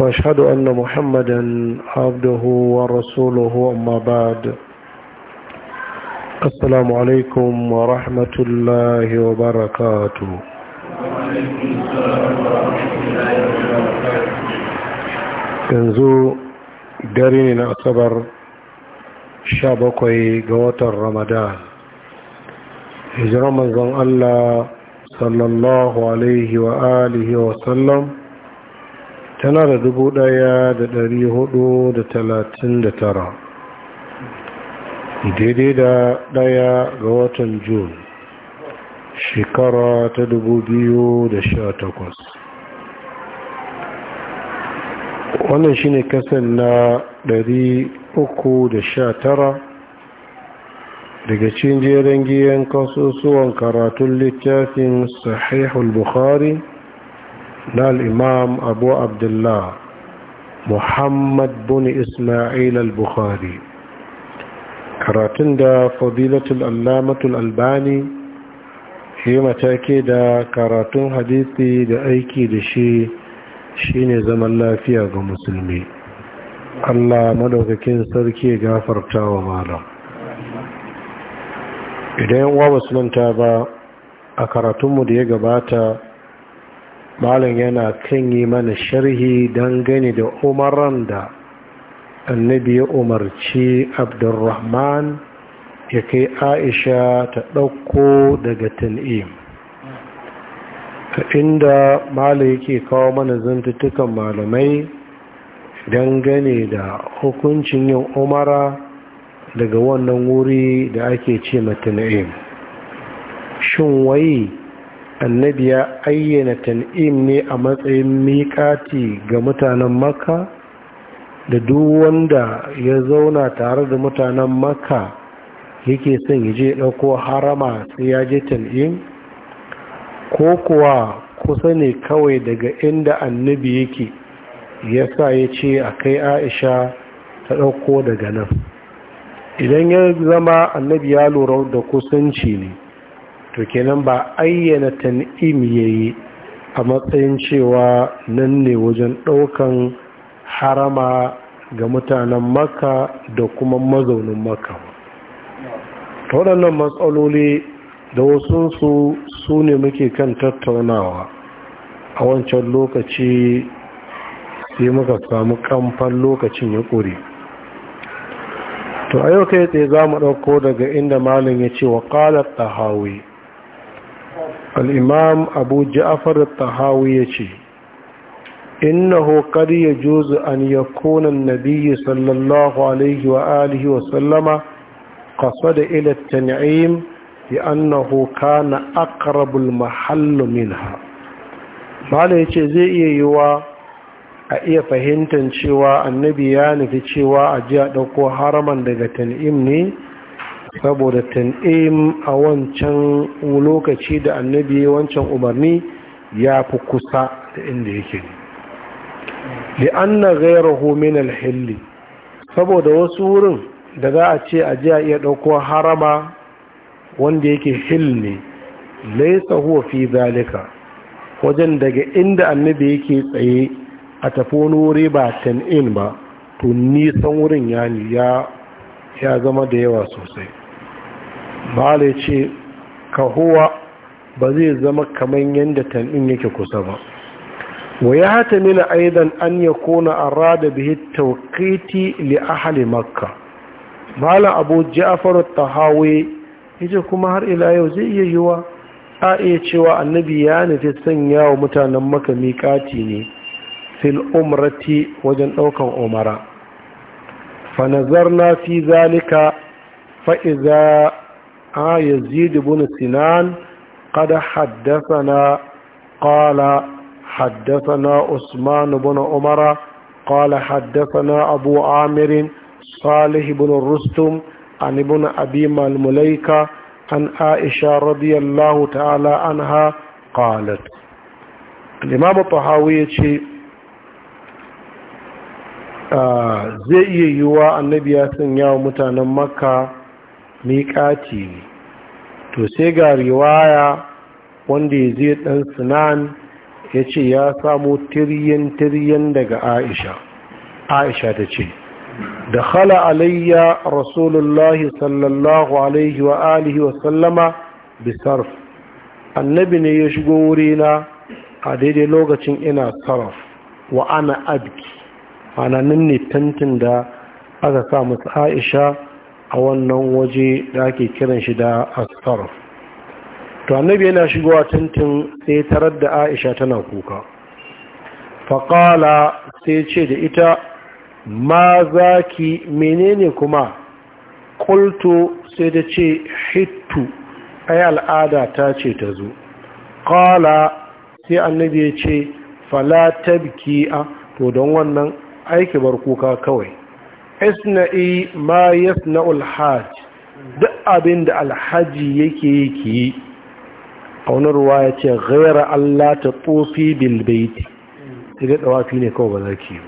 وأشهد أن محمدا عبده ورسوله أما بعد السلام عليكم ورحمة الله وبركاته yanzu dare ne na asabar 17 ga watan ramadan hijirar manzon Allah sallallahu alaihi wa alihi wa sallam tana da dubu ɗaya da ɗari hudu da talatin da tara daidai da ɗaya ga watan Jun, shekara ta dubu biyu da sha takwas wannan shine kasan na ɗari uku da sha tara daga cikin jeren giyan kasusuwan karatun littafin sahihul bukhari na al-imma'am al'imam abu abdullah muhammad bin ismail al-bukhari karatun da fadilatul allamatul albani shi matake da karatun hadisi da aiki da shi shine zaman lafiya ga musulmi allah maɗaukakin sarki gafarta wa malam idan yawa musulunta ba a karatunmu da ya gabata malam yana kan yi mana sharhi dangane da umaran da annabi ya umarci abdurrahman ya kai aisha ta ɗauko daga tan'im inda malam yake kawo mana zantattukan malamai dangane da hukuncin yin umara daga wannan wuri da ake ce matana'im shin wai annabi ya ayyana tan'im ne a matsayin miƙati ga mutanen makka da duk wanda ya zauna tare da mutanen makka yake son ya je ɗauko harama sai ya je tan'im ko kuwa kusa ne kawai daga inda annabi yake ya sa ya ce a kai aisha ta ɗauko daga nan idan ya zama annabi ya lura da kusanci ne to kenan ba ayyana tan'im yayi a matsayin cewa nan ne wajen ɗaukan harama ga mutanen maka da kuma mazaunin maka ta waɗannan matsaloli da wasunsu su ne muke kan tattaunawa a wancan lokaci sai muka samu kamfan lokacin ya ƙure to a yau kai tsaye za mu ɗauko daga inda malin ya ce wa ƙalar ɗahawi al'imam abu ja'afar tahawi ya ce innahu qad yajuzu an yakuna an-nabiy sallallahu alaihi wa alihi wa sallama qasada ila at-tan'im bi annahu kana aqrabul mahall minha mala yace zai iya yiwa a iya fahimtar cewa annabi ya nufi cewa a ji ɗauko haraman daga tan'im ne saboda tan'im a wancan lokaci da annabi wancan umarni ya fi kusa da inda yake li'anna gaya min alhilli saboda wasu wurin da za a ce a jiya iya ɗauko harama wanda yake hil ne laisa huwa fi zalika wajen daga inda annabi yake tsaye a tafi wani wuri ba tan'in ba to nisan wurin ya ya zama da yawa sosai ba da ce kahuwa ba zai zama kamar yadda tanɗin yake kusa ba wa ya hata mila aidan an ya kona a rada bihi taukaiti li ahali makka bala abu ja'afar tahawi ya ce kuma har ila yau zai iya yiwa a iya cewa annabi ya nufi sanya wa mutanen maka miƙati ne fil umrati wajen ɗaukan umara fanazarna fi zalika fa'iza a yazid ibn sinan qad haddathana qala haddathana usman ibn umara qala haddathana abu amir salih ibn rustum an ibn abi malmulaika an aisha radiyallahu ta'ala anha qalat al-imam tahawi yace zai iya yiwuwa annabi ya sanya wa mutanen makka miƙati ne to sai ga riwaya wanda ya zai ɗan sinan ya ce ya samu tiryen-tiryen daga aisha aisha ta ce da khala alayya rasulullahi sallallahu alaihi wa alihi wa sallama bisarf annabi ne ya shigo wurina a daidai lokacin ina sarf wa ana abki ana nan ne tantin da aka sa musu aisha a wannan waje da ake kiran shi da asarf to annabi yana shigowa tantin sai tarar da aisha tana kuka faƙala sai ce da ita ma za ki menene kuma ƙulto sai da ce hittu ai al'ada ta ce ta zo ƙala sai annabi ya ce fala a to don wannan aiki bar kuka kawai isna'i ma na hajj duk abin da alhaji yake yake yi a wani ruwa ya ce ghera Allah ta tsofi bilbaiti sai da dawafi ne kawai ba za ki yi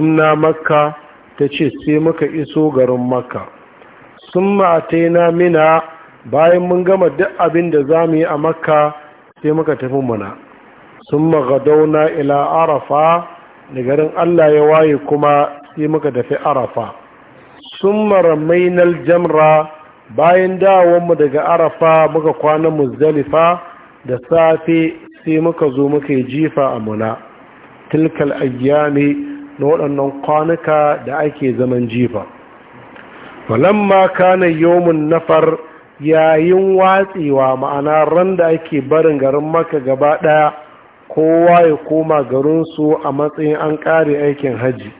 na makka ta ce sai muka iso garin makka sun mataina mina bayan mun gama duk abin da za mu yi a makka sai muka tafi muna sun magadauna ila arafa da garin Allah ya waye kuma sai muka dafi arafa sun maramainal jamra bayan dawonmu daga arafa muka kwana muzdalifa da safe sai muka zo muka yi jifa a muna tilkal ayyami na waɗannan kwanuka da ake zaman jifa walamma kana yawmun nafar yayin watsewa ma'ana ran da ake barin garin maka gaba ɗaya kowa ya koma garinsu a matsayin an ƙare aikin hajji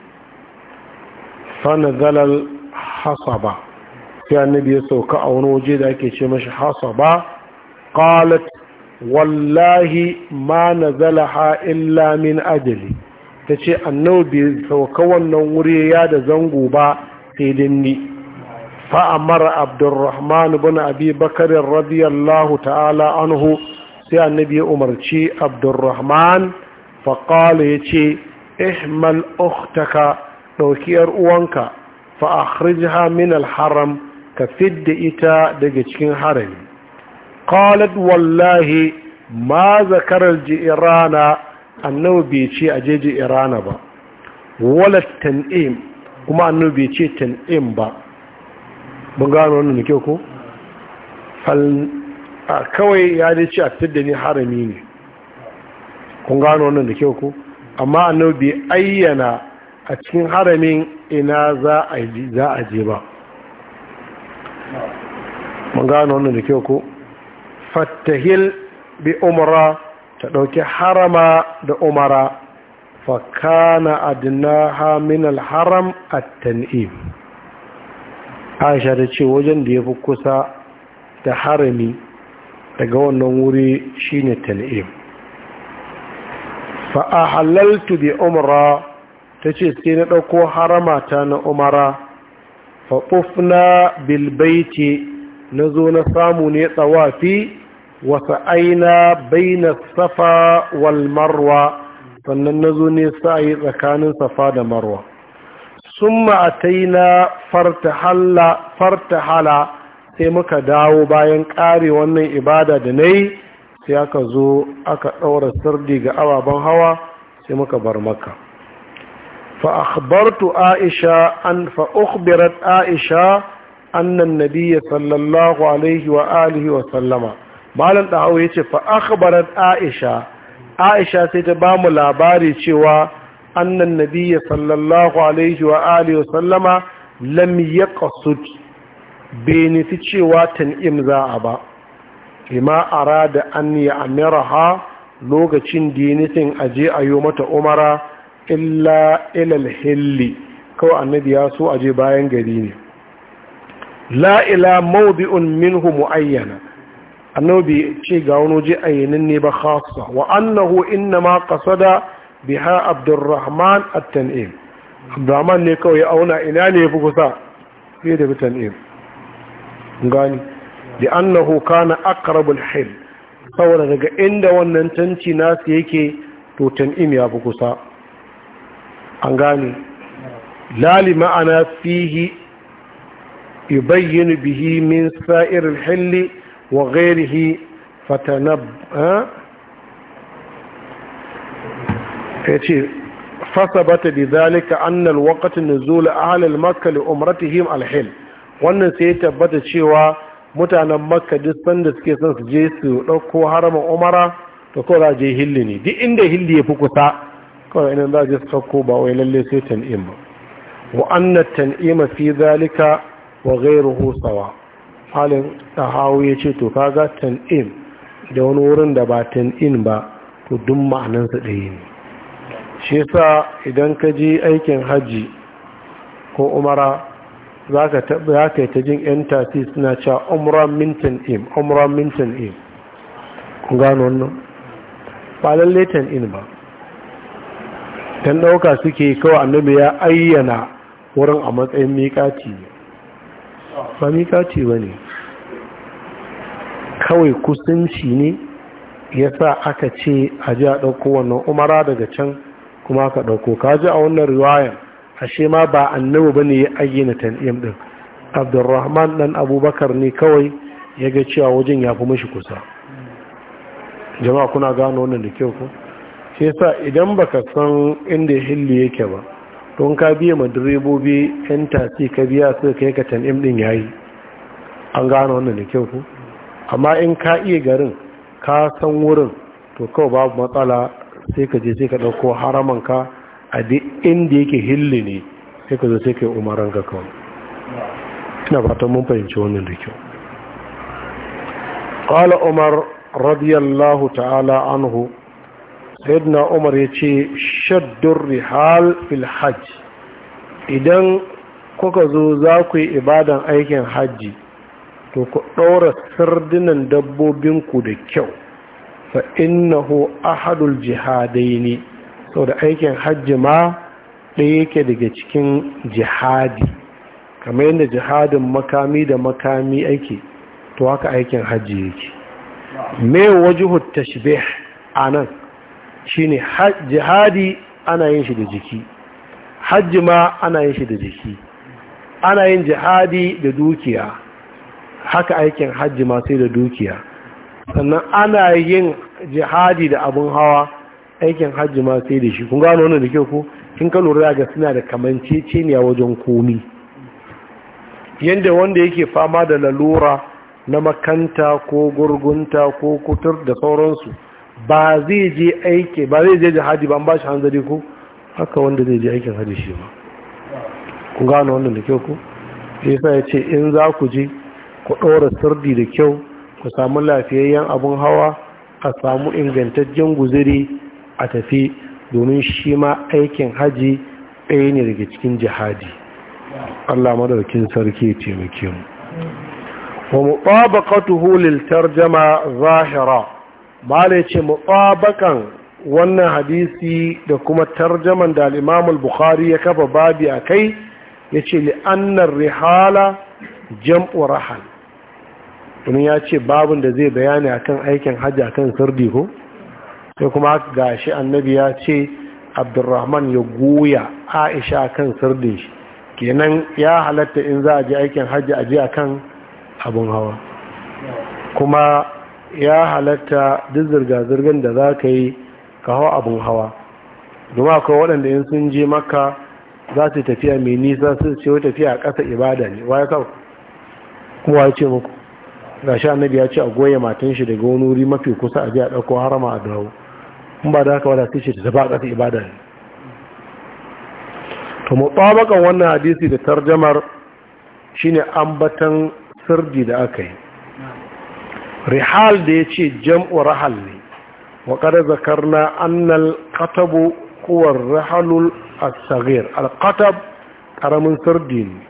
hasa ba, sai annabi ya sauka a wani waje da ake ce mashi ba? ƙalat wallahi ma na zala ha illa min Ta ce annabi bai sauka wannan wuri ya da zango ba sai din ni fa amara bin ibn abi bakarin radiyallahu ta'ala anhu sai annabi ya umarci abdurrahman faƙala ya ce ihmal uktaka ɗauki ‘yar uwanka fa'akhrijha min alharam ka fidda ita daga cikin harami qalat wallahi ma zakarar rana, annabi bai ce a je ba wala tan'im kuma annabi bai ce tan'im ba mun gano wannan kyau ko a kawai ya dai ce a fitar da ni harami ne kun gano wannan da kyau ko amma annabi bai ayyana a cikin haramin ina za a je ba mun gano wannan da kyau ko fattahil bi umara ta ɗauki harama da umara fakana adnaha min haram at-tan'im Aisha ta ce wajen da yafi kusa da harami daga wannan wuri shine tal'im fa da umara umra ce sai na ɗauko haramata na umara fa qufna bilbaiti na nazo na samu ne tsawafi wa aina baina safa wal marwa sannan nazo ne yi tsakanin safa da marwa summa na farta hala. sai muka dawo bayan ƙare wannan ibada da na yi sai aka zo aka ɗaura sirdi ga ababen hawa sai muka bar maka fa'akbartu aisha an fa'ukbirat aisha annan nabiya sallallahu alaihi wa alihi wa sallama malam Ɗahau ya ce fa'akbarat aisha aisha sai ta ba mu labari cewa annan nabiya sallallahu alaihi wa alihi wa sallama lam ya bai nufi cewa tan'im za a ba ima da an a amira ha lokacin da a nufin aje a yi mata umara illa ilal hilli kawai annabi ya so aje bayan gari ne La'ila ila minhu muayyana annabi ce ga wani waje ayyanin ne ba khassa wa annahu innama kasada biha abdurrahman at-tan'im abdurrahman ne kawai auna ina ne ya fi kusa sai da tan'im gani da annahu kana akarabul hil saboda daga inda wannan tanti nasu yake to tan'im ya fi kusa an gane lali ma'ana fihi yubayyinu bihi min sa'iril hil wa ghairihi fatanab yace fasabata bi zalika anna alwaqt nuzul ahli makka li umratihim alhil wannan sai ya tabbata cewa mutanen makka duk sanda suke son su je su ɗauko haramin umara to kawai za je hilli ne duk inda hilli ya fi kusa kawai inda za je su ɗauko ba wai lalle sai tan'im ba wa tan'ima fi zalika wa ghairuhu sawa halin tahawu ya ce to kaga tan'im da wani wurin da ba tan'in ba to duk ma'anansa ɗaya ne shi yasa idan ka je aikin hajji ko umara Zaka ka yi ta jin 'yan tafi suna cewa umra mintin im umra mintin im gano wannan ba lalle in ba don ɗauka suke kawai annabi ya ayyana wurin a matsayin miƙaci ba miƙaci ba ne kawai kusanci ne ya sa aka ce a ji a ɗauko wannan umara daga can kuma ka ɗauko ka ji a wannan riwayan ashe ma ba annabi ne ya ayyana tan'im din abdurrahman dan abubakar ne kawai ya ga cewa wajen ya fi mashi kusa jama'a kuna gano wannan da kyau ko shi yasa idan baka san inda hilli yake ba don ka biya ma direbobi yan tasi ka biya su kai ka tan'im din yayi an gano wannan da kyau ko amma in ka iya garin ka san wurin to kawai babu matsala sai ka je sai ka ɗauko haramanka a duk inda yake hilli ne sai ka zo sai kai umaran ka kawai ina fatan mun fahimci wannan da kyau qala umar radiyallahu ta'ala anhu sayyidina umar yace shaddur rihal fil hajj idan kuka zo za ku yi ibadan aikin hajji to ku ɗaura sardunan dabbobinku da kyau fa innahu ahadul jihadai ne sau da aikin hajji ma ɗaya yake daga cikin jihadi kamar yadda jihadin makami da makami aiki? to haka aikin hajji yake mai wajihu tashbih a nan shine jihadi ana yin shi da jiki hajji ma ana yin shi da jiki ana yin jihadi da dukiya haka aikin hajji ma sai da dukiya sannan ana yin jihadi da abin hawa aikin hajji ma sai da shi kun gano wannan da kyau ko kin ka lura ga suna da a wajen komi yanda wanda yake fama da lalura na makanta ko gurgunta ko kutur da sauransu ba zai je aiki ba zai je hajji ba an ba shi hanzari ko haka wanda zai je aikin hajji shi ma ku gano wannan da kyau ku yasa ya ce in za ku je ku ɗora sirdi da kyau ku samu lafiyayyen abin hawa a samu ingantaccen guziri a tafi domin shi ma aikin haji ɗaya ne daga cikin jihadi Allah madarkin sarki muke mu wa mutabaqatuhu lil tarjama zahira mala yace mutabakan wannan hadisi da kuma tarjaman da al’imamul bukhari ya kafa babi a kai, ya ce li'annar rihala jam'u rahal Wani ya ce babin da zai bayani akan aikin hajji akan sardi ko sai kuma ga annabi ya ce abdurrahman ya goya aisha kan sirdin shi kenan ya halatta in za a ji aikin hajji a ji a kan abin hawa kuma ya halatta duk zirga-zirgar da za ka yi ka hawa abin hawa domin akwai waɗanda in sun je maka za su tafiya mai nisa su ce tafiya a ƙasa ibada ne wa kawo kuma ya ce muku ga annabi ya ce a goya matan shi daga wani wuri mafi kusa a biya a ɗauko harama a dawo in ba da haka wadda sai ce ta a ƙasa ibada ne to mu wannan hadisi da tarjamar shine ambatan sirdi da aka yi rihal da ya ce jam'u rahal ne wa Zakar na annal katabu kuwar rahalul asagir alkatab ƙaramin sirdi ne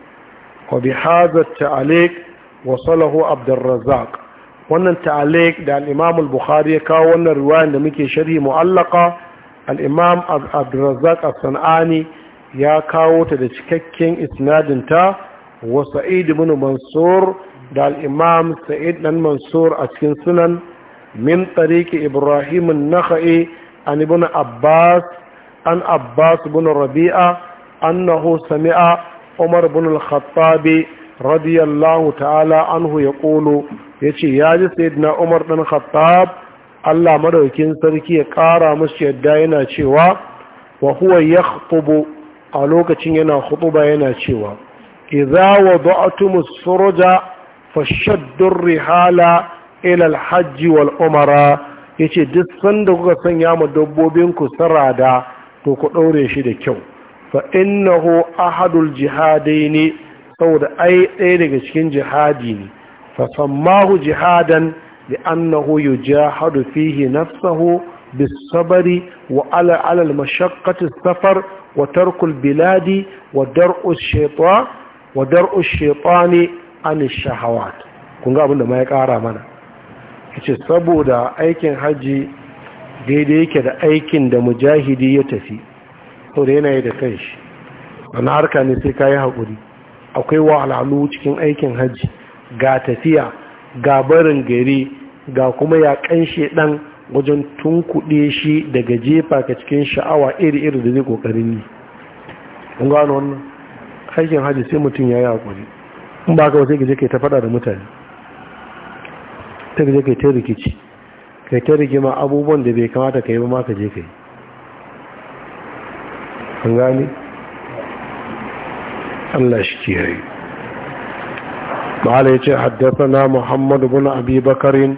wa bi ta'alik wa salahu abdurrazak wannan ta'alik da al al-bukhari ya kawo wannan riwayar da muke sharhi mu'allaka al-imam as-sanani ya kawo ta da cikakken isnadin ta wa sa'id ibn mansur da al sa'id dan mansur a cikin sunan min tariqi ibrahim an-nakhai an ibn abbas an abbas ibn rabi'a annahu sami'a umar ibn al-khattabi radiyallahu ta'ala anhu ya ƙolo ya ce ya ji sayyidina umar ɗan khattab allah maraukin sarki ya ƙara musu yadda yana cewa wa huwa ya a lokacin yana ba yana cewa iza wada'tum as-surja fashaddu rihala ila hajji wal umara yace duk sanda kuka sanya mu dabbobin ku sarada to ku ɗaure shi da kyau fa innahu ahadul ne saboda ai ɗaya daga cikin jihadi ne fasammahu jihadan da annahu yujahadu fihi nafsahu wa وعلى على المشقة السفر وترك البلاد ودرء الشيطان ودرء الشيطان عن الشهوات kun ga abin da ma ya ƙara mana ce saboda aikin hajji daidai yake da aikin da mujahidi ya tafi saboda yana yi da kanshi wani harka ne sai ka yi haƙuri akwai walalu cikin aikin hajji ga tafiya ga barin gari ga kuma ya kanshe dan wajen tunkuɗe shi daga jefa ka cikin sha'awa iri-iri da zai ƙoƙarin yi kun gano wannan aikin hajji sai mutum ya yi haƙuri in ba ka sai gaje kai ta faɗa da mutane ta gaje kai ta rikici yi ta rigima abubuwan da bai kamata ka yi ba ma ka je ka yi kun Allah shi ke yi ma'ala ya ce haddasa muhammadu bin abi bakarin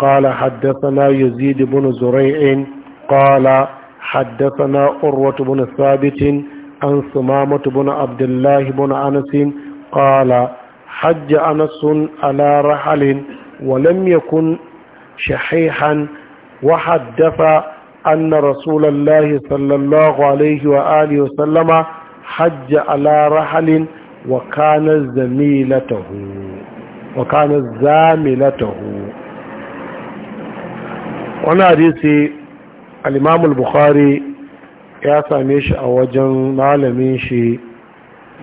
ƙala haddasa na yazidu bin zura'in ƙala haddasa na urwatu bin sabitin an sumamatu bin abdullahi bin anasin ƙala hajji anasun ala rahalin walam yakun shahihan wa haddasa an rasulallah sallallahu alaihi wa alihi wasallama hajja ala rahalin wa kana zamilatahu wa kana zamilatahu wani hadisi al-imam bukhari ya same shi a wajen malamin shi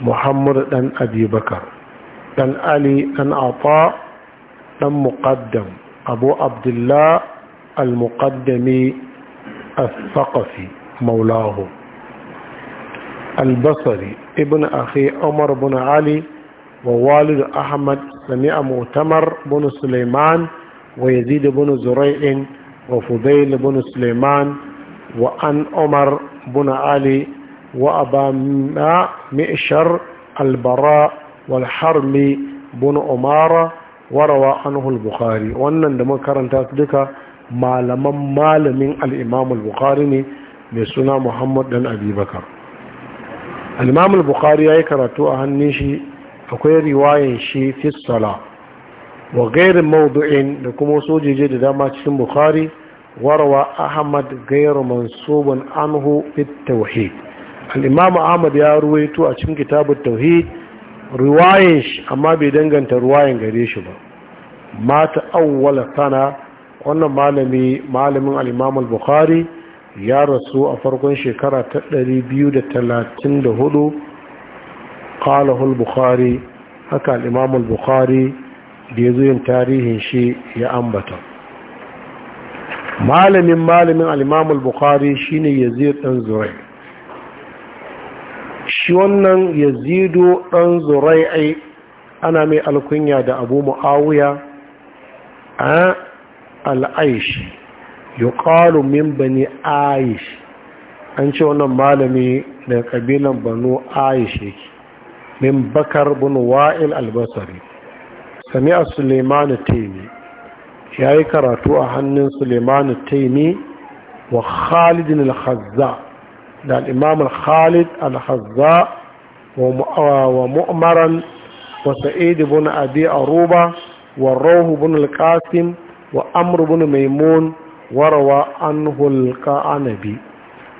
muhammad dan abubakar dan ali dan afa dan muqaddam abu abdullah al-muqaddami الثقفي مولاهم البصري ابن أخي عمر بن علي ووالد أحمد سمع مؤتمر بن سليمان ويزيد بن زريع وفضيل بن سليمان وأن عمر بن علي وأبا مئشر البراء والحرمي بن أمارة وروى عنه البخاري وأن لما كرنت ذلك ما لم مال من الإمام البخاري من سنة محمد بن أبي بكر al bukhari ya yi karatu a hannun shi akwai riwayan shi fi sala wa gairin maudu'in da kuma sojeje da dama cikin bukhari warawa ahmad gairu mansubun anhu fi tauhid al-imam ahmad ya ruwaito a cikin kitabut tauhi riwayan shi amma bai danganta riwayan gare shi ba mata awwala sana wannan malami malamin al-imam al-bukhari ya rasu a farkon shekara ta 234 qalahul bukhari haka al-imam bukhari da ya yin tarihin shi ya ambata malamin malamin al’imamul shi bukhari shine yazid dan zurai shi wannan yazidu dan zurai ana mai alkunya da abu mu'awuya a al'aishi yuqalu min bani aish an ce wannan malami daga kabilan banu aish yake min bakar bin wa'il albasari sami a suleimanu taimi ya yi karatu a hannun suleimanu taimi wa khalidin al hazza da al'imam al-khalid al hazza wa mu'amaran wa Sa'idu bin abi aruba wa rauhu bin al-qasim wa Amru bin maimun warawa an hulka anabi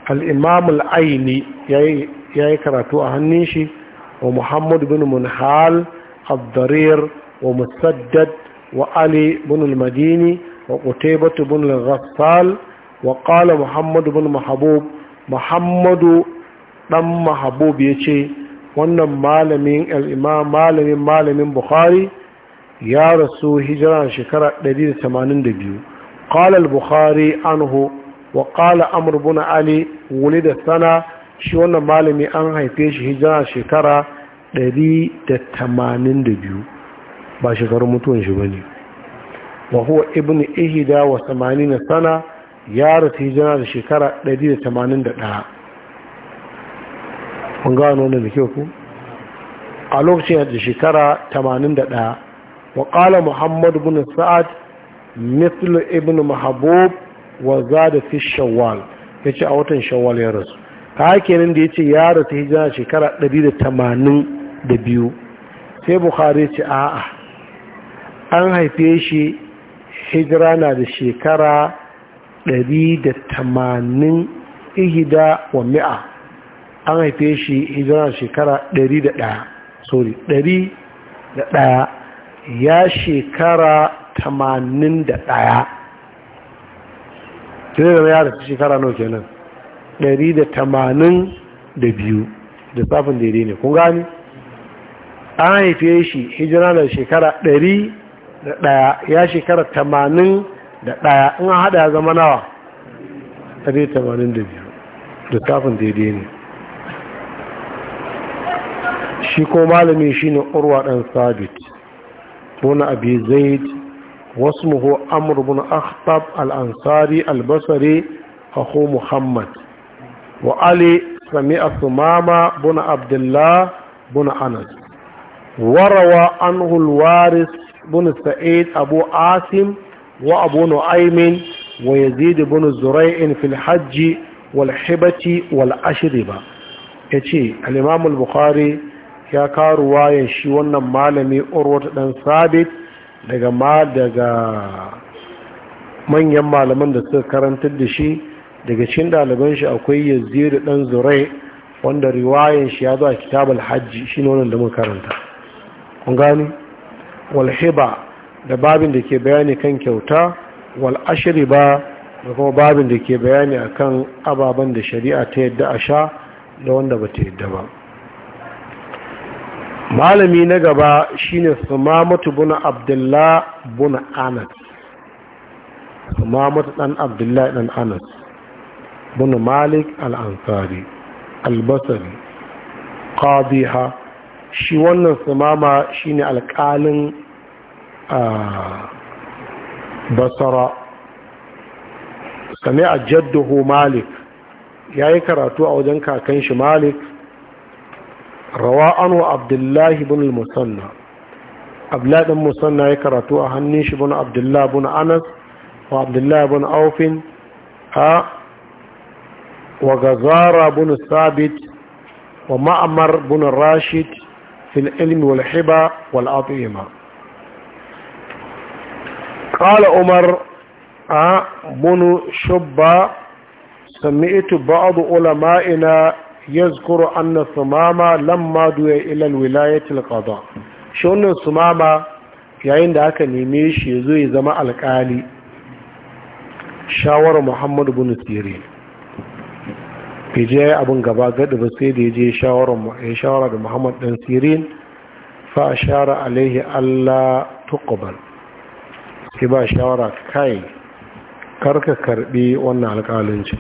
al'imam aini ya yi karatu a hannun shi wa Muhammadu bin munhal abdarir wa musaddad wa ali bin madini wa qutaybatu bin al-ghaffal wa qala muhammad bin mahbub muhammadu dan ya ce wannan malamin al malamin malamin bukhari ya rasu hijira shekara 182 قال البخاري عنه وقال أمر بن علي ولد سنة shi wannan malami an haife shi hijira shekara 182 ba shekarun mutuwan shi ba ne wa ibn ihida wa 80 sana ya rasu hijira da shekara 181 kun gano wannan da ke ku a lokacin da shekara 81 wa qala muhammad ibn sa'ad mithlu ibn mahabub wa zada fi shawwal yace a watan shawwal ya rasu ka kenan da yace ya rasu hijira shekara 182 sai bukhari ce a'a an haife shi hijira na da shekara 180 ihida wa mi'a an haife shi hijira shekara 101 sorry 101 ya shekara tamanin da ɗaya kira da ya rasu shekara nau kenan ɗari da tamanin da biyu da safin daidai ne kun gani an haife shi hijira da shekara ɗari da ɗaya ya shekara tamanin da ɗaya in haɗa ya zama nawa ɗari tamanin da biyu da safin daidai ne shi ko malami shi ne urwa ɗan sabit wani abu zai واسمه أمر بن أخطب الأنصاري البصري أخو محمد وعلي سمع ثمامة بن عبد الله بن أنس وروى عنه الوارث بن سعيد أبو عاصم وأبو نعيم ويزيد بن زريع في الحج والحبة والأشربة يتي الإمام البخاري يا كارواين شي wannan malami Urwat dan Sabit daga ma daga manyan malaman da suka karantar da shi daga cikin ɗaliban shi akwai yazid ɗan zurai wanda riwayan shi ya zo a kitabul hajji shine wannan da mun karanta kun gani Walhiba da babin da ke bayani kan kyauta wal ashriba da kuma babin da ke bayani akan ababen da shari'a ta yadda a sha da wanda ba ta yadda ba malami na gaba shine sumamatu bin abdullah bin anas sumamatu dan abdullah dan anas bin malik al-ansari al-basri qadiha shi wannan sumama shine alƙalin basara sami a malik yayi karatu a wajen kakan shi malik rawa an wa abdullahi bin musanna abdullahi bin musanna ya karatu a hannun shi bin abdullahi bin anas wa abdullahi bin aufin a wa gazara bin sabit wa ma'amar bin rashid fil ilmi wal hiba wal atima قال عمر بن شبه سمعت بعض علمائنا yazkuru anna sumama lamma duya ila alwilayatil qada shi wannan sumama yayin da aka neme shi ya zo ya zama alkali shawarar muhammadu bin sirin bai je abin gaba gada ba sai da ya je shawara da muhammadu dan sirin fa shara alaihi allah tuqbal sai ba shawara kai karka karbi wannan alkalinci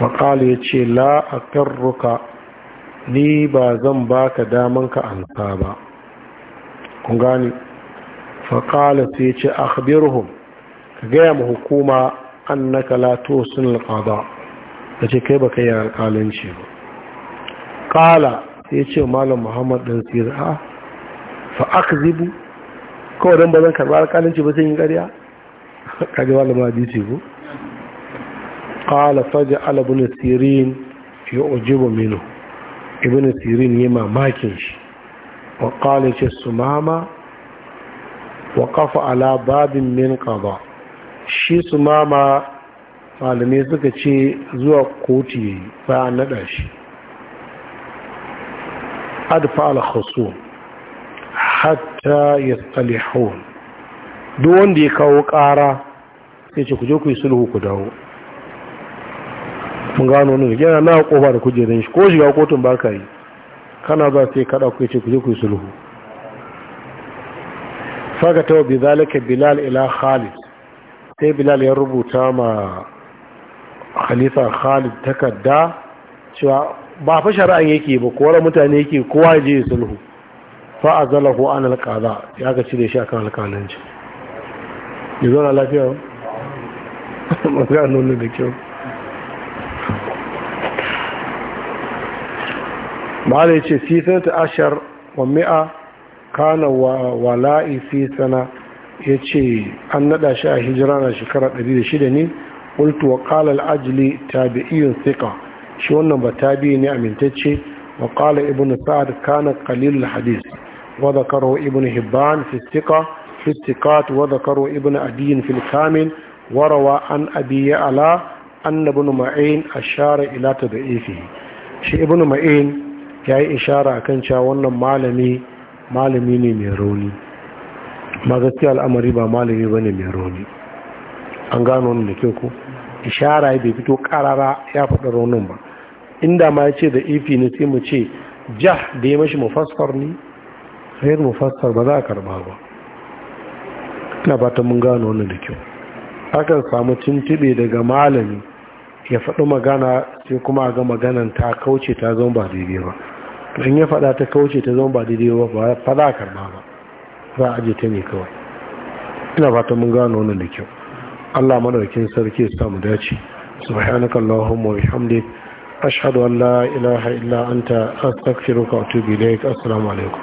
faƙali ya ce la a ni ba zan ba ka daman ka amsa ba ƙun gani faƙala sai ce a akhbirhum ka gaya ma hukuma an annaka la tusin alqada da ce kai ka yi alƙalanci ba ƙala sai ce malam muhammad dan sirri a fa zibu kawai don ba zan karɓi alƙalanci ba sai yin ƙarya kaga da hadisi ba. qala faj'al ibn sirin yu'jibu minhu ibn sirin ya mamakin shi wa qala ce sumama wa qafa ala babin min qada shi sumama malamai suka ce zuwa kotu yayi bayan nada shi adfa al khusum hatta yastalihun duk wanda ya kawo ƙara sai ce ku je ku yi sulhu ku dawo mun gano ne yana na kofa da kujerin shi ko shiga kotun ba ka yi kana za yi kada ku ce kuje ku yi sulhu saka ta wabi zalika bilal ila khalid sai bilal ya rubuta ma khalifa khalid takarda cewa ba fa shari'an yake ba kowar mutane yake kowa je sulhu fa a zala ko an alƙaza ya ga cire shi akan alƙalanci yanzu na lafiya ba ga nuna da kyau ma'ala ya ce fi sanata ashar wa mi'a kana wala'i fi sana ya ce an nada shi a hijira na shekara 106 ne ultu wa kala al'ajili tabi'iyun sika shi wannan ba tabi'i ne amintacce wa kala ibn sa'ad kana kalilul hadis wa zakarwa ibn hibban fi sika في ibn وذكروا ابن أبي في الكامل وروى عن أبي يعلى أن ابن معين أشار da تضعيفه shi ابن معين ya yi ishara a kan cewa wannan malami malami ne mai rauni ma gaskiya al'amari ba malami ba ne mai rauni an gano wani da ke ku ishara ya bai fito karara ya faɗi raunin ba inda ma ya ce da ifi e ne sai mu ce ja da ya mashi mafaskar ne sayar mafaskar ba za a karba ba ina fata mun gano wani da kyau akan samu tuntube daga malami ya faɗi magana sai kuma ga maganan ta kauce ta zama ba daidai ba to in ya faɗa ta kauce ta zama ba daidai ba ba faɗa a karɓa ba za a aje ta ne kawai ina fata mun gano wannan da kyau Allah maɗaukin sarki ya samu dace subhanaka allahumma wa bihamdik ashhadu an la ilaha illa anta astaghfiruka wa atubu ilaik assalamu alaikum